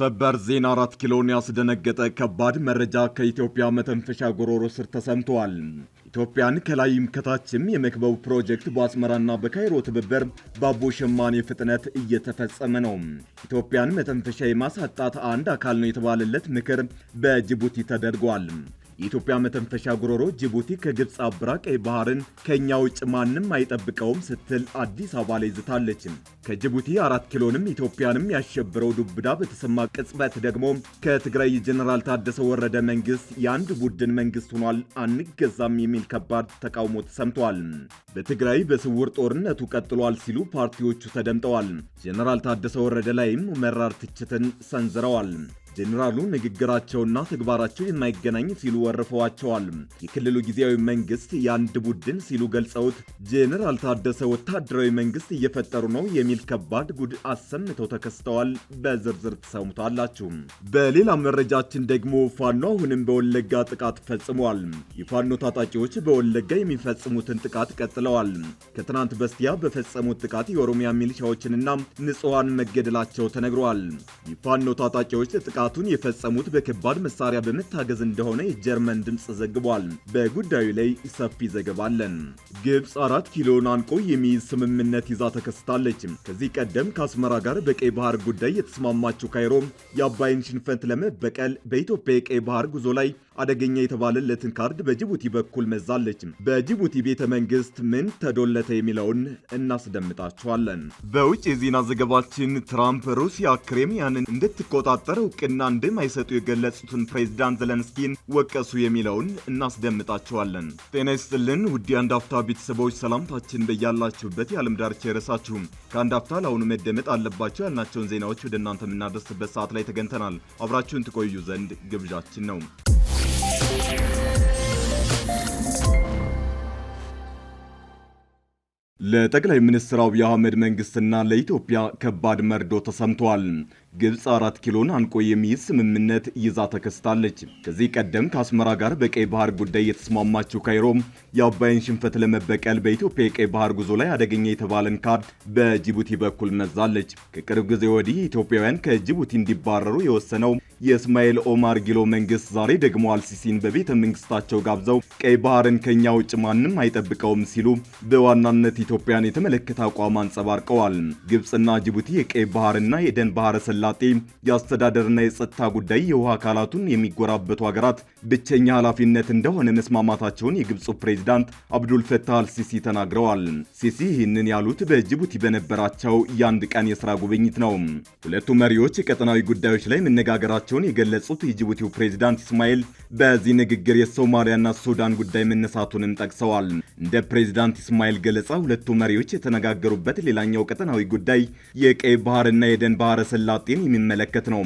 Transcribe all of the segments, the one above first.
ሰበር ዜና አራት ኪሎን ያስደነገጠ ከባድ መረጃ ከኢትዮጵያ መተንፈሻ ጎሮሮ ስር ተሰምተዋል። ኢትዮጵያን ከላይም ከታችም የመክበቡ ፕሮጀክት በአስመራና በካይሮ ትብብር በአቦ ሸማኔ ፍጥነት እየተፈጸመ ነው። ኢትዮጵያን መተንፈሻ የማሳጣት አንድ አካል ነው የተባለለት ምክር በጅቡቲ ተደርጓል። የኢትዮጵያ መተንፈሻ ጉሮሮ ጅቡቲ ከግብፅ አብራ ቀይ ባህርን ከእኛ ውጭ ማንም አይጠብቀውም ስትል አዲስ አበባ ላይ ዝታለችም። ከጅቡቲ አራት ኪሎንም ኢትዮጵያንም ያሸብረው ዱብዳ በተሰማ ቅጽበት ደግሞ ከትግራይ ጀኔራል ታደሰ ወረደ መንግስት የአንድ ቡድን መንግስት ሆኗል አንገዛም የሚል ከባድ ተቃውሞ ተሰምቷል። በትግራይ በስውር ጦርነቱ ቀጥሏል ሲሉ ፓርቲዎቹ ተደምጠዋል። ጀኔራል ታደሰ ወረደ ላይም መራር ትችትን ሰንዝረዋል። ጄኔራሉ ንግግራቸውና ተግባራቸው የማይገናኝ ሲሉ ወርፈዋቸዋል። የክልሉ ጊዜያዊ መንግስት የአንድ ቡድን ሲሉ ገልጸውት ጄኔራል ታደሰ ወታደራዊ መንግስት እየፈጠሩ ነው የሚል ከባድ ጉድ አሰምተው ተከስተዋል። በዝርዝር ትሰሙታላችሁ። በሌላ መረጃችን ደግሞ ፋኖ አሁንም በወለጋ ጥቃት ፈጽሟል። የፋኖ ታጣቂዎች በወለጋ የሚፈጽሙትን ጥቃት ቀጥለዋል። ከትናንት በስቲያ በፈጸሙት ጥቃት የኦሮሚያ ሚሊሻዎችንና ንጹሐን መገደላቸው ተነግረዋል። የፋኖ ታጣቂዎች ጥቃት ጥቃቱን የፈጸሙት በከባድ መሳሪያ በመታገዝ እንደሆነ የጀርመን ድምፅ ዘግቧል። በጉዳዩ ላይ ሰፊ ዘገባ አለን። ግብፅ አራት ኪሎን አንቆ የሚይዝ ስምምነት ይዛ ተከስታለች። ከዚህ ቀደም ከአስመራ ጋር በቀይ ባህር ጉዳይ የተስማማችው ካይሮ የአባይን ሽንፈት ለመበቀል በኢትዮጵያ የቀይ ባህር ጉዞ ላይ አደገኛ የተባለለትን ካርድ በጅቡቲ በኩል መዛለች። በጅቡቲ ቤተ መንግስት ምን ተዶለተ የሚለውን እናስደምጣችኋለን። በውጭ የዜና ዘገባችን ትራምፕ ሩሲያ ክሬሚያንን እንድትቆጣጠር እውቅ እውቅና እንደማይሰጡ የገለጹትን ፕሬዚዳንት ዘለንስኪን ወቀሱ የሚለውን እናስደምጣቸዋለን። ጤና ይስጥልን ውድ የአንድ አፍታ ቤተሰቦች ሰላምታችን በያላችሁበት የዓለም ዳርቻ የረሳችሁም ከአንድ አፍታ ለአሁኑ መደመጥ አለባቸው ያልናቸውን ዜናዎች ወደ እናንተ የምናደርስበት ሰዓት ላይ ተገኝተናል። አብራችሁን ትቆዩ ዘንድ ግብዣችን ነው። ለጠቅላይ ሚኒስትር አብይ አህመድ መንግስትና ለኢትዮጵያ ከባድ መርዶ ተሰምቷል። ግብፅ አራት ኪሎን አንቆ የሚይዝ ስምምነት ይዛ ተከስታለች። ከዚህ ቀደም ከአስመራ ጋር በቀይ ባህር ጉዳይ የተስማማችው ካይሮም የአባይን ሽንፈት ለመበቀል በኢትዮጵያ የቀይ ባህር ጉዞ ላይ አደገኛ የተባለን ካርድ በጅቡቲ በኩል መዛለች። ከቅርብ ጊዜ ወዲህ ኢትዮጵያውያን ከጅቡቲ እንዲባረሩ የወሰነው የእስማኤል ኦማር ጊሎ መንግስት ዛሬ ደግሞ አልሲሲን በቤተ መንግስታቸው ጋብዘው ቀይ ባህርን ከኛ ውጭ ማንም አይጠብቀውም ሲሉ በዋናነት ኢትዮጵያን የተመለከተ አቋም አንጸባርቀዋል። ግብፅና ጅቡቲ የቀይ ባህርና የደን ባህረ ሰላጤ የአስተዳደርና የጸጥታ ጉዳይ የውሃ አካላቱን የሚጎራበቱ ሀገራት ብቸኛ ኃላፊነት እንደሆነ መስማማታቸውን የግብፁ ፕሬዚዳንት አብዱል አልሲሲ ተናግረዋል። ሲሲ ይህንን ያሉት በጅቡቲ በነበራቸው የአንድ ቀን የስራ ጉብኝት ነው። ሁለቱ መሪዎች የቀጠናዊ ጉዳዮች ላይ መነጋገራቸውን የገለጹት የጅቡቲው ፕሬዚዳንት ኢስማኤል በዚህ ንግግር የሶማሊያና ሱዳን ጉዳይ መነሳቱንም ጠቅሰዋል። እንደ ፕሬዚዳንት ኢስማኤል ገለጻ ሁለቱ መሪዎች የተነጋገሩበት ሌላኛው ቀጠናዊ ጉዳይ የቀይ ባህርና የደን ባህረ ሰላጤ ሰላጤን የሚመለከት ነው።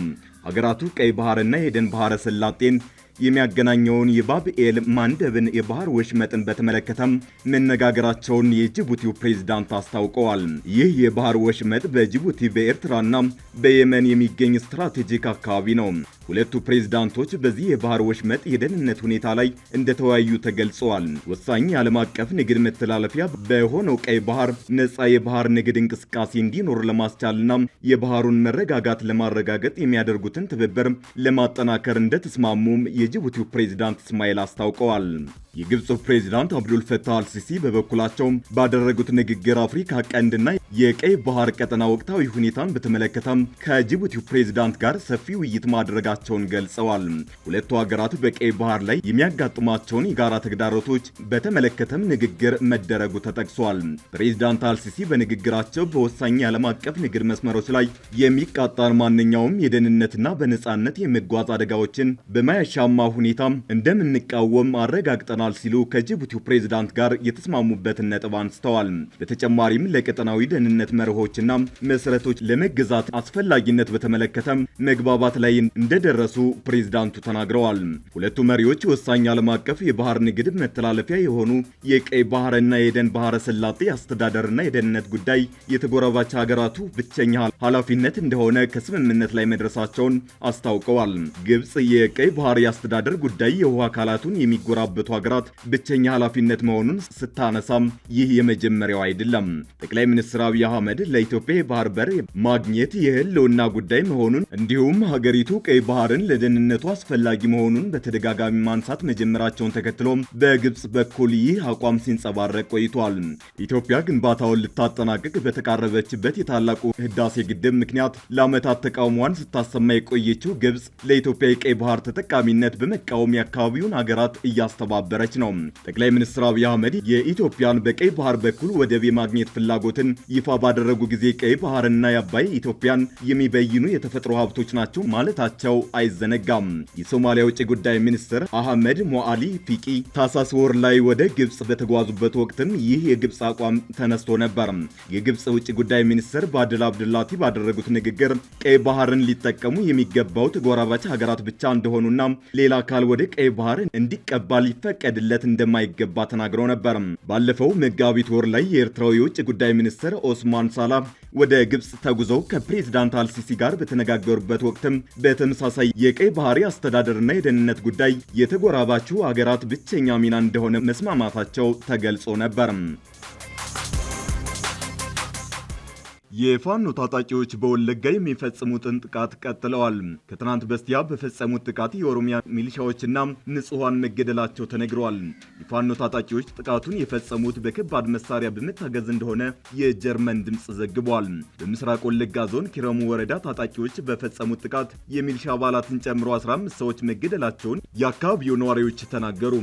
ሀገራቱ ቀይ ባህርና የደን ባህረ ሰላጤን የሚያገናኘውን የባብኤል ማንደብን የባህር ወሽመጥን በተመለከተም መነጋገራቸውን የጅቡቲው ፕሬዝዳንት አስታውቀዋል። ይህ የባህር ወሽመጥ በጅቡቲ በኤርትራና በየመን የሚገኝ ስትራቴጂክ አካባቢ ነው። ሁለቱ ፕሬዝዳንቶች በዚህ የባህር ወሽመጥ የደህንነት ሁኔታ ላይ እንደተወያዩ ተገልጸዋል። ወሳኝ የዓለም አቀፍ ንግድ መተላለፊያ በሆነው ቀይ ባህር ነፃ የባህር ንግድ እንቅስቃሴ እንዲኖር ለማስቻልና የባህሩን መረጋጋት ለማረጋገጥ የሚያደርጉትን ትብብር ለማጠናከር እንደተስማሙም የጅቡቲው ፕሬዚዳንት እስማኤል አስታውቀዋል። የግብፁ ፕሬዚዳንት አብዱል ፈታህ አልሲሲ በበኩላቸው ባደረጉት ንግግር አፍሪካ ቀንድና የቀይ ባህር ቀጠና ወቅታዊ ሁኔታን በተመለከተም ከጅቡቲው ፕሬዚዳንት ጋር ሰፊ ውይይት ማድረጋቸውን ገልጸዋል። ሁለቱ ሀገራት በቀይ ባህር ላይ የሚያጋጥሟቸውን የጋራ ተግዳሮቶች በተመለከተም ንግግር መደረጉ ተጠቅሷል። ፕሬዚዳንት አልሲሲ በንግግራቸው በወሳኝ የዓለም አቀፍ ንግድ መስመሮች ላይ የሚቃጣን ማንኛውም የደህንነትና በነፃነት የመጓዝ አደጋዎችን በማያሻማ ሁኔታ እንደምንቃወም አረጋግጠናል ይሆናል ሲሉ ከጅቡቲው ፕሬዝዳንት ጋር የተስማሙበትን ነጥብ አንስተዋል። በተጨማሪም ለቀጠናዊ ደህንነት መርሆችና መሰረቶች ለመገዛት አስፈላጊነት በተመለከተም መግባባት ላይ እንደደረሱ ፕሬዝዳንቱ ተናግረዋል። ሁለቱ መሪዎች ወሳኝ ዓለም አቀፍ የባህር ንግድ መተላለፊያ የሆኑ የቀይ ባህርና የደን ባህረ ሰላጤ አስተዳደርና የደህንነት ጉዳይ የተጎራባች ሀገራቱ ብቸኛ ኃላፊነት እንደሆነ ከስምምነት ላይ መድረሳቸውን አስታውቀዋል። ግብጽ የቀይ ባህር የአስተዳደር ጉዳይ የውሃ አካላቱን የሚጎራበቱ ሀገራት ሀገራት ብቸኛ ኃላፊነት መሆኑን ስታነሳም ይህ የመጀመሪያው አይደለም። ጠቅላይ ሚኒስትር አብይ አህመድ ለኢትዮጵያ የባህር በር ማግኘት የህልውና ጉዳይ መሆኑን እንዲሁም ሀገሪቱ ቀይ ባህርን ለደህንነቱ አስፈላጊ መሆኑን በተደጋጋሚ ማንሳት መጀመራቸውን ተከትሎ በግብጽ በኩል ይህ አቋም ሲንጸባረቅ ቆይቷል። ኢትዮጵያ ግንባታውን ልታጠናቅቅ በተቃረበችበት የታላቁ ህዳሴ ግድብ ምክንያት ለዓመታት ተቃውሟን ስታሰማ የቆየችው ግብጽ ለኢትዮጵያ የቀይ ባህር ተጠቃሚነት በመቃወም የአካባቢውን ሀገራት እያስተባበረ እየተሞከረች ነው። ጠቅላይ ሚኒስትር አብይ አህመድ የኢትዮጵያን በቀይ ባህር በኩል ወደብ የማግኘት ፍላጎትን ይፋ ባደረጉ ጊዜ ቀይ ባህርና የአባይ ኢትዮጵያን የሚበይኑ የተፈጥሮ ሀብቶች ናቸው ማለታቸው አይዘነጋም። የሶማሊያ ውጭ ጉዳይ ሚኒስትር አህመድ ሞአሊ ፊቂ ታሳስ ወር ላይ ወደ ግብፅ በተጓዙበት ወቅትም ይህ የግብፅ አቋም ተነስቶ ነበር። የግብፅ ውጭ ጉዳይ ሚኒስትር ባድል አብድላቲ ባደረጉት ንግግር ቀይ ባህርን ሊጠቀሙ የሚገባው ተጎራባች ሀገራት ብቻ እንደሆኑና ሌላ አካል ወደ ቀይ ባህር እንዲቀባ ይፈቀድ ሊፈቀድለት እንደማይገባ ተናግረው ነበር። ባለፈው መጋቢት ወር ላይ የኤርትራው የውጭ ጉዳይ ሚኒስትር ኦስማን ሳላ ወደ ግብፅ ተጉዘው ከፕሬዝዳንት አልሲሲ ጋር በተነጋገሩበት ወቅትም በተመሳሳይ የቀይ ባህሪ አስተዳደርና የደህንነት ጉዳይ የተጎራባቹ አገራት ብቸኛ ሚና እንደሆነ መስማማታቸው ተገልጾ ነበር። የፋኖ ታጣቂዎች በወለጋ የሚፈጽሙትን ጥቃት ቀጥለዋል። ከትናንት በስቲያ በፈጸሙት ጥቃት የኦሮሚያ ሚሊሻዎችና ንጹሐን መገደላቸው ተነግረዋል። የፋኖ ታጣቂዎች ጥቃቱን የፈጸሙት በከባድ መሳሪያ በመታገዝ እንደሆነ የጀርመን ድምፅ ዘግቧል። በምስራቅ ወለጋ ዞን ኪረሙ ወረዳ ታጣቂዎች በፈጸሙት ጥቃት የሚሊሻ አባላትን ጨምሮ 15 ሰዎች መገደላቸውን የአካባቢው ነዋሪዎች ተናገሩ።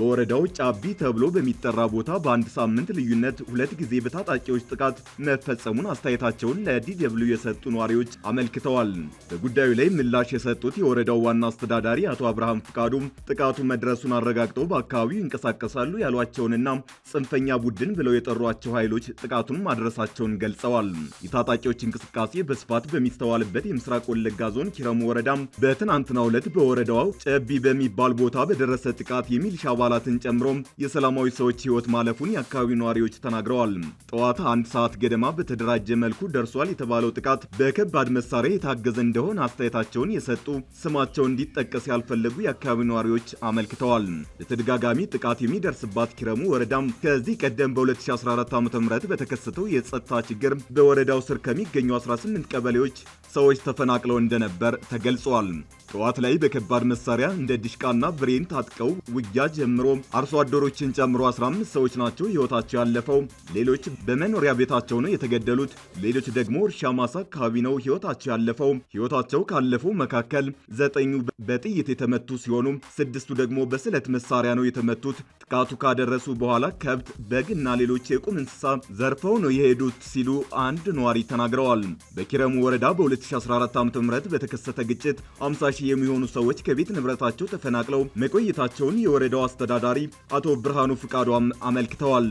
በወረዳው ጫቢ ተብሎ በሚጠራ ቦታ በአንድ ሳምንት ልዩነት ሁለት ጊዜ በታጣቂዎች ጥቃት መፈጸሙን አስታ አስተያየታቸውን ለዲደብሊው የሰጡ ነዋሪዎች አመልክተዋል። በጉዳዩ ላይ ምላሽ የሰጡት የወረዳው ዋና አስተዳዳሪ አቶ አብርሃም ፍቃዱም ጥቃቱ መድረሱን አረጋግጠው በአካባቢው ይንቀሳቀሳሉ ያሏቸውንና ጽንፈኛ ቡድን ብለው የጠሯቸው ኃይሎች ጥቃቱን ማድረሳቸውን ገልጸዋል። የታጣቂዎች እንቅስቃሴ በስፋት በሚስተዋልበት የምስራቅ ወለጋ ዞን ኪረሙ ወረዳም በትናንትናው ዕለት በወረዳው ጨቢ በሚባል ቦታ በደረሰ ጥቃት የሚሊሻ አባላትን ጨምሮ የሰላማዊ ሰዎች ሕይወት ማለፉን የአካባቢው ነዋሪዎች ተናግረዋል። ጠዋት አንድ ሰዓት ገደማ በተደራጀ መልኩ ደርሷል የተባለው ጥቃት በከባድ መሳሪያ የታገዘ እንደሆነ አስተያየታቸውን የሰጡ ስማቸው እንዲጠቀስ ያልፈለጉ የአካባቢ ነዋሪዎች አመልክተዋል። በተደጋጋሚ ጥቃት የሚደርስባት ኪረሙ ወረዳም ከዚህ ቀደም በ2014 ዓ ም በተከሰተው የጸጥታ ችግር በወረዳው ስር ከሚገኙ 18 ቀበሌዎች ሰዎች ተፈናቅለው እንደነበር ተገልጿል። ጠዋት ላይ በከባድ መሳሪያ እንደ ዲሽቃና ብሬን ታጥቀው ውጊያ ጀምሮ አርሶ አደሮችን ጨምሮ 15 ሰዎች ናቸው ሕይወታቸው ያለፈው። ሌሎች በመኖሪያ ቤታቸው ነው የተገደሉት። ሌሎች ደግሞ እርሻ ማሳ አካባቢ ነው ህይወታቸው ያለፈው። ህይወታቸው ካለፉ መካከል ዘጠኙ በጥይት የተመቱ ሲሆኑ ስድስቱ ደግሞ በስለት መሳሪያ ነው የተመቱት። ጥቃቱ ካደረሱ በኋላ ከብት፣ በግና ሌሎች የቁም እንስሳ ዘርፈው ነው የሄዱት ሲሉ አንድ ነዋሪ ተናግረዋል። በኪረሙ ወረዳ በ2014 ዓ ም በተከሰተ ግጭት 50 ሺህ የሚሆኑ ሰዎች ከቤት ንብረታቸው ተፈናቅለው መቆየታቸውን የወረዳው አስተዳዳሪ አቶ ብርሃኑ ፍቃዱ አመልክተዋል።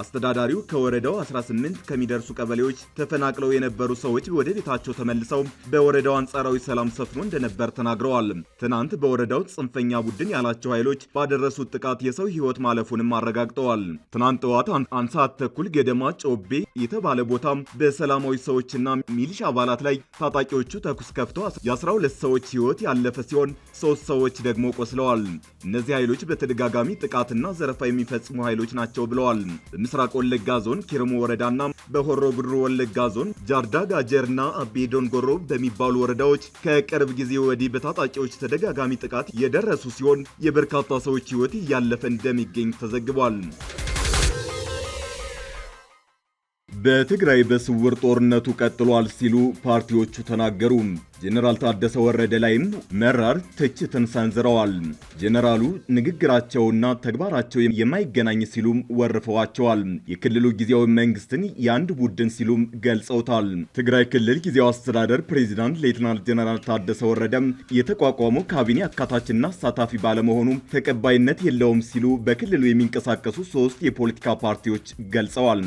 አስተዳዳሪው ከወረዳው 18 ከሚደርሱ ቀበሌዎች ተፈናቅለው የነበሩ ሰዎች ወደ ቤታቸው ተመልሰው በወረዳው አንጻራዊ ሰላም ሰፍኖ እንደነበር ተናግረዋል። ትናንት በወረዳው ጽንፈኛ ቡድን ያላቸው ኃይሎች ባደረሱት ጥቃት የሰው ሕይወት ማለፉንም አረጋግጠዋል። ትናንት ጠዋት አንድ ሰዓት ተኩል ገደማ ጮቤ የተባለ ቦታ በሰላማዊ ሰዎችና ሚሊሻ አባላት ላይ ታጣቂዎቹ ተኩስ ከፍተው የ12 ሰዎች ሕይወት ያለፈ ሲሆን ሶስት ሰዎች ደግሞ ቆስለዋል። እነዚህ ኃይሎች በተደጋጋሚ ጥቃትና ዘረፋ የሚፈጽሙ ኃይሎች ናቸው ብለዋል። በምስራቅ ወለጋ ዞን ኪርሙ ወረዳና በሆሮ ጉድሩ ወለጋ ወለጋ ዞን ጃርዳ ጋጀርና አቤ ዶንጎሮ በሚባሉ ወረዳዎች ከቅርብ ጊዜ ወዲህ በታጣቂዎች ተደጋጋሚ ጥቃት የደረሱ ሲሆን የበርካታ ሰዎች ሕይወት እያለፈ እንደሚገኝ ተዘግቧል። በትግራይ በስውር ጦርነቱ ቀጥሏል ሲሉ ፓርቲዎቹ ተናገሩ። ጄኔራል ታደሰ ወረደ ላይም መራር ትችትን ሰንዝረዋል። ጄኔራሉ ንግግራቸውና ተግባራቸው የማይገናኝ ሲሉም ወርፈዋቸዋል። የክልሉ ጊዜያዊ መንግስትን የአንድ ቡድን ሲሉም ገልጸውታል። ትግራይ ክልል ጊዜያዊ አስተዳደር ፕሬዚዳንት ሌትናንት ጄኔራል ታደሰ ወረደም የተቋቋመው ካቢኔ አካታችና አሳታፊ ባለመሆኑ ተቀባይነት የለውም ሲሉ በክልሉ የሚንቀሳቀሱ ሶስት የፖለቲካ ፓርቲዎች ገልጸዋል።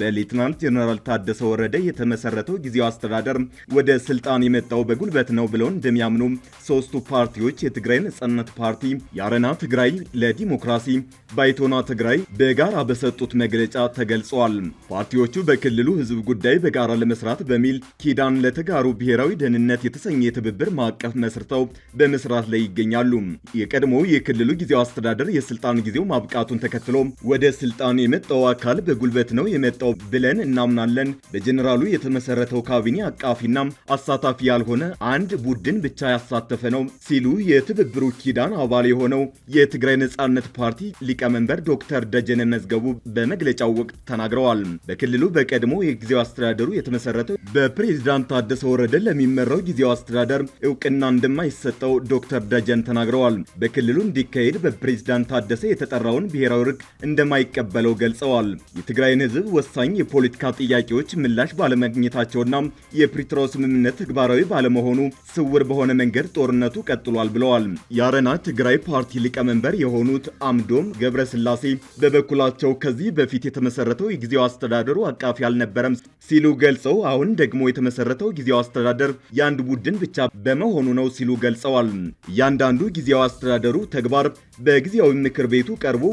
በሌትናንት ጄኔራል ታደሰ ወረደ የተመሰረተው ጊዜያዊ አስተዳደር ወደ ስልጣን የመጣው በጉልበት ነው ብለው እንደሚያምኑ ሶስቱ ፓርቲዎች የትግራይ ነጻነት ፓርቲ፣ የአረና ትግራይ ለዲሞክራሲ፣ ባይቶና ትግራይ በጋራ በሰጡት መግለጫ ተገልጸዋል። ፓርቲዎቹ በክልሉ ህዝብ ጉዳይ በጋራ ለመስራት በሚል ኪዳን ለተጋሩ ብሔራዊ ደህንነት የተሰኘ የትብብር ማዕቀፍ መስርተው በመስራት ላይ ይገኛሉ። የቀድሞው የክልሉ ጊዜው አስተዳደር የስልጣን ጊዜው ማብቃቱን ተከትሎ ወደ ስልጣን የመጣው አካል በጉልበት ነው የመጣው ብለን እናምናለን። በጀኔራሉ የተመሰረተው ካቢኔ አቃፊና አሳታፊ ያልሆነ ትግሉን አንድ ቡድን ብቻ ያሳተፈ ነው ሲሉ የትብብሩ ኪዳን አባል የሆነው የትግራይ ነጻነት ፓርቲ ሊቀመንበር ዶክተር ደጀነ መዝገቡ በመግለጫው ወቅት ተናግረዋል። በክልሉ በቀድሞ የጊዜው አስተዳደሩ የተመሰረተው በፕሬዚዳንት ታደሰ ወረደ ለሚመራው ጊዜው አስተዳደር እውቅና እንደማይሰጠው ዶክተር ደጀን ተናግረዋል። በክልሉ እንዲካሄድ በፕሬዚዳንት ታደሰ የተጠራውን ብሔራዊ ርግ እንደማይቀበለው ገልጸዋል። የትግራይን ህዝብ ወሳኝ የፖለቲካ ጥያቄዎች ምላሽ ባለማግኘታቸውና የፕሪትራው ስምምነት ተግባራዊ ባለ ባለመሆኑ ስውር በሆነ መንገድ ጦርነቱ ቀጥሏል ብለዋል። የአረና ትግራይ ፓርቲ ሊቀመንበር የሆኑት አምዶም ገብረስላሴ በበኩላቸው ከዚህ በፊት የተመሰረተው የጊዜው አስተዳደሩ አቃፊ አልነበረም ሲሉ ገልጸው አሁን ደግሞ የተመሰረተው ጊዜው አስተዳደር የአንድ ቡድን ብቻ በመሆኑ ነው ሲሉ ገልጸዋል። እያንዳንዱ ጊዜው አስተዳደሩ ተግባር በጊዜያዊ ምክር ቤቱ ቀርቦ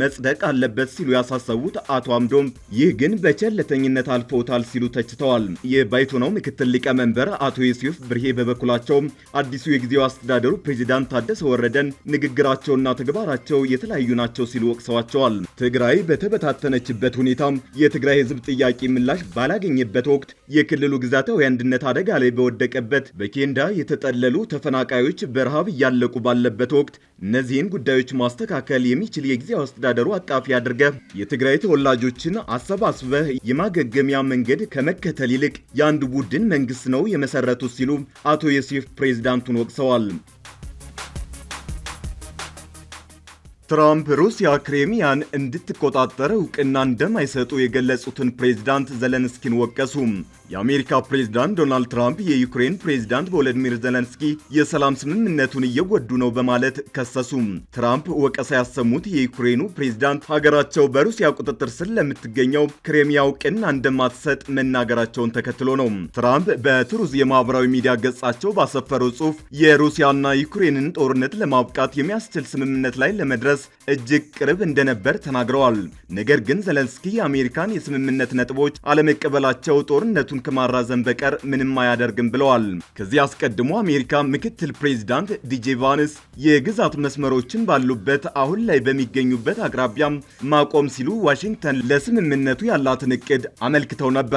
መጽደቅ አለበት ሲሉ ያሳሰቡት አቶ አምዶም ይህ ግን በቸለተኝነት አልፈውታል ሲሉ ተችተዋል። የባይቶናው ምክትል ሊቀመንበር አቶ ዮሴፍ ብርሄ በበኩላቸውም አዲሱ የጊዜው አስተዳደሩ ፕሬዚዳንት ታደሰ ወረደን ንግግራቸውና ተግባራቸው የተለያዩ ናቸው ሲሉ ወቅሰዋቸዋል። ትግራይ በተበታተነችበት ሁኔታም የትግራይ ሕዝብ ጥያቄ ምላሽ ባላገኘበት ወቅት የክልሉ ግዛታዊ አንድነት አደጋ ላይ በወደቀበት በኬንዳ የተጠለሉ ተፈናቃዮች በረሃብ እያለቁ ባለበት ወቅት እነዚህን ጉዳዮች ማስተካከል የሚችል የጊዜያዊ አስተዳደሩ አቃፊ አድርገ የትግራይ ተወላጆችን አሰባስበህ የማገገሚያ መንገድ ከመከተል ይልቅ የአንድ ቡድን መንግስት ነው የመሰረቱት ሲሉ አቶ ዮሴፍ ፕሬዚዳንቱን ወቅሰዋል። ትራምፕ ሩሲያ ክሬሚያን እንድትቆጣጠር እውቅና እንደማይሰጡ የገለጹትን ፕሬዚዳንት ዘለንስኪን ወቀሱ። የአሜሪካ ፕሬዝዳንት ዶናልድ ትራምፕ የዩክሬን ፕሬዝዳንት ቮሎዲሚር ዘለንስኪ የሰላም ስምምነቱን እየጎዱ ነው በማለት ከሰሱ። ትራምፕ ወቀሳ ያሰሙት የዩክሬኑ ፕሬዝዳንት ሀገራቸው በሩሲያ ቁጥጥር ስር ለምትገኘው ክሬሚያ እውቅና እንደማትሰጥ መናገራቸውን ተከትሎ ነው። ትራምፕ በትሩዝ የማህበራዊ ሚዲያ ገጻቸው ባሰፈረው ጽሑፍ የሩሲያና ዩክሬንን ጦርነት ለማብቃት የሚያስችል ስምምነት ላይ ለመድረስ እጅግ ቅርብ እንደነበር ተናግረዋል። ነገር ግን ዘለንስኪ የአሜሪካን የስምምነት ነጥቦች አለመቀበላቸው ጦርነቱን ከማራዘም በቀር ምንም አያደርግም ብለዋል። ከዚህ አስቀድሞ አሜሪካ ምክትል ፕሬዚዳንት ዲጄ ቫንስ የግዛት መስመሮችን ባሉበት አሁን ላይ በሚገኙበት አቅራቢያም ማቆም ሲሉ ዋሽንግተን ለስምምነቱ ያላትን እቅድ አመልክተው ነበር።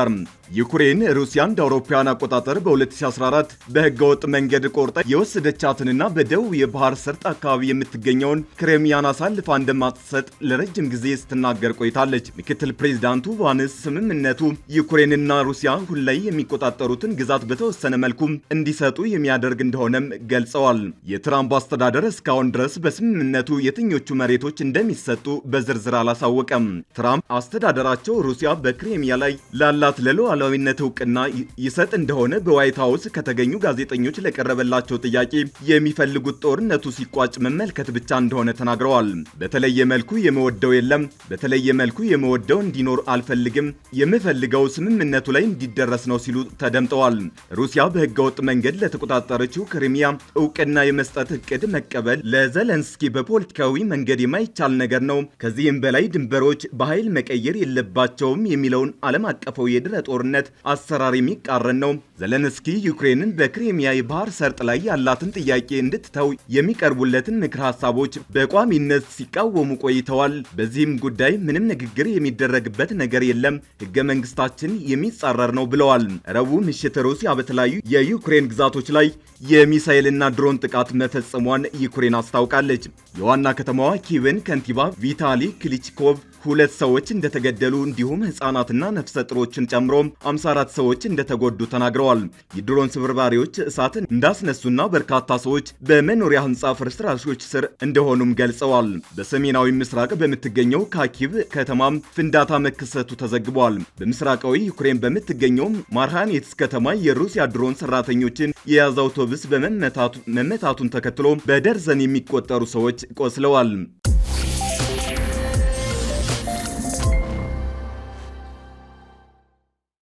ዩክሬን ሩሲያ እንደ አውሮፓውያን አቆጣጠር በ2014 በህገወጥ መንገድ ቆርጣ የወሰደቻትንና በደቡብ የባህር ሰርጥ አካባቢ የምትገኘውን ክሬሚያን አሳልፋ እንደማትሰጥ ለረጅም ጊዜ ስትናገር ቆይታለች። ምክትል ፕሬዚዳንቱ ቫንስ ስምምነቱ ዩክሬንና ሩሲያ በበኩል ላይ የሚቆጣጠሩትን ግዛት በተወሰነ መልኩ እንዲሰጡ የሚያደርግ እንደሆነም ገልጸዋል። የትራምፕ አስተዳደር እስካሁን ድረስ በስምምነቱ የትኞቹ መሬቶች እንደሚሰጡ በዝርዝር አላሳወቀም። ትራምፕ አስተዳደራቸው ሩሲያ በክሬሚያ ላይ ላላት ለሉዓላዊነት እውቅና ይሰጥ እንደሆነ በዋይት ሀውስ ከተገኙ ጋዜጠኞች ለቀረበላቸው ጥያቄ የሚፈልጉት ጦርነቱ ሲቋጭ መመልከት ብቻ እንደሆነ ተናግረዋል። በተለየ መልኩ የመወደው የለም፣ በተለየ መልኩ የመወደው እንዲኖር አልፈልግም። የምፈልገው ስምምነቱ ላይ እንዲ የሚደረስ ነው ሲሉ ተደምጠዋል። ሩሲያ በህገወጥ መንገድ ለተቆጣጠረችው ክሪሚያ እውቅና የመስጠት እቅድ መቀበል ለዘለንስኪ በፖለቲካዊ መንገድ የማይቻል ነገር ነው፣ ከዚህም በላይ ድንበሮች በኃይል መቀየር የለባቸውም የሚለውን ዓለም አቀፈው የድረ ጦርነት አሰራር የሚቃረን ነው። ዘለንስኪ ዩክሬንን በክሪሚያ የባህር ሰርጥ ላይ ያላትን ጥያቄ እንድትተው የሚቀርቡለትን ምክር ሀሳቦች በቋሚነት ሲቃወሙ ቆይተዋል። በዚህም ጉዳይ ምንም ንግግር የሚደረግበት ነገር የለም፣ ህገ መንግስታችን የሚጻረር ነው ነው ብለዋል። ረቡዕ ምሽት ሩሲያ በተለያዩ የዩክሬን ግዛቶች ላይ የሚሳኤልና ድሮን ጥቃት መፈጸሟን ዩክሬን አስታውቃለች። የዋና ከተማዋ ኪቭን ከንቲባ ቪታሊ ክሊችኮቭ ሁለት ሰዎች እንደተገደሉ እንዲሁም ህጻናትና ነፍሰ ጥሮችን ጨምሮ 54 ሰዎች እንደተጎዱ ተናግረዋል። የድሮን ስብርባሪዎች እሳትን እንዳስነሱና በርካታ ሰዎች በመኖሪያ ህንፃ ፍርስራሾች ስር እንደሆኑም ገልጸዋል። በሰሜናዊ ምስራቅ በምትገኘው ካኪቭ ከተማም ፍንዳታ መከሰቱ ተዘግቧል። በምስራቃዊ ዩክሬን በምትገኘው ማርሃኔትስ ከተማ የሩሲያ ድሮን ሰራተኞችን የያዘ አውቶቡስ በመመታቱን ተከትሎ በደርዘን የሚቆጠሩ ሰዎች ቆስለዋል።